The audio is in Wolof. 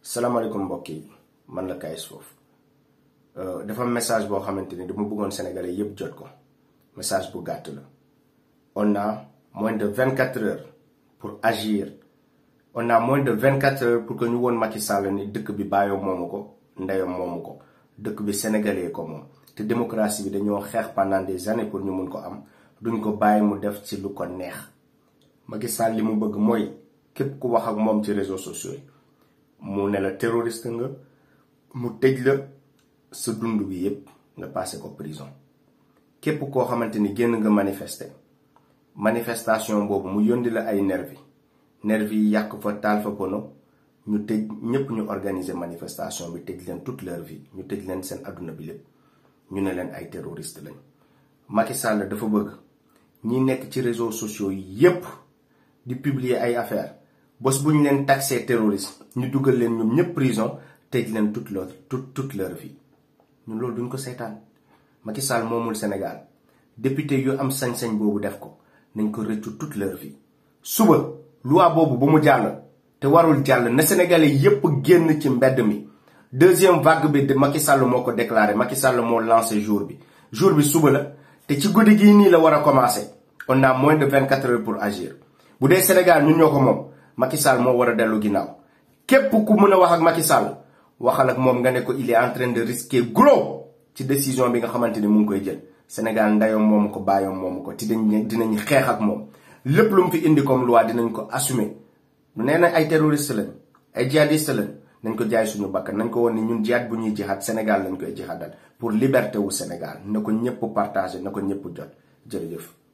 salaamaaleykum mbokk yi man la Kayz Fof euh, dafa message boo xamante ni dama bëggoon sénégalais yëpp jot ko message bu gàtt la on na moins de vingt quatre heures pour agir on na moins de vingt quatre heures pour que ñu woon Macky Sall ni dëkk bi bàyyoo moomu ko ndeyam moomu ko dëkk bi sénégalais ko moom te démocratie bi dañoo xeex pendant des années pour ñu mun ko am duñ ko bàyyi mu def si lu ko neex Macky Sall li mu bëgg mooy képp ku wax ak moom ci réseaux sociaux yi mu ne la terroriste nga mu tej la sa dund bi yépp nga passé ko prison képp koo xamante ni génn nga manifester manifestation boobu mu yóndi la ay nervi nervi yi yàq fa taal fa pono ñu tej ñépp ñu organiser manifestation bi tej leen toute leur vie ñu tej leen seen aduna bi lépp ñu ne leen ay terroriste lañ Macky Sall dafa bëgg ñi nekk ci réseaux sociaux di publier ay affaires boss bu ñu leen taxé terroriste ñu duggal leen ñom ñepp prison tëj leen toute leur toute toute leur vie ñun lool duñ ko seetaan Macky Sall momul Sénégal député yu am sañ-sañ bobu def ko nañ ko reccu toute leur vie. suba loi bobu bu mu jall te warul jall na sénégalais yépp génn ci mbedd mi deuxième vague bi de Macky Sall moko déclarer Macky Sall mo lancé jour bi jour bi suba la té ci goudi gi ni la wara commencer on a moins de vingt quatre heures pour agir bu dé Sénégal ñun ñoko mom Macky Sall moo war a dellu ginnaaw képp ku mën a wax ak Macky Sall waxal ak moom nga ne ko il est en train de risquer gros ci décision bi nga xamante ni mu ngi koy jël Sénégal ndayoom moom ko bàyyoom moom ko te dinañ dinañ xeex ak moom lépp lu mu fi indi comme loi dinañ ko assumer nee na ay terroriste lañ ay djihadiste lañ nañ ko jaay suñu bakkan nañ ko woon ni ñun jihaat bu ñuy jihaat Sénégal lañ koy jihaadal pour liberté wu Sénégal ne ko ñëpp partager na ko ñëpp jot jërëjëf.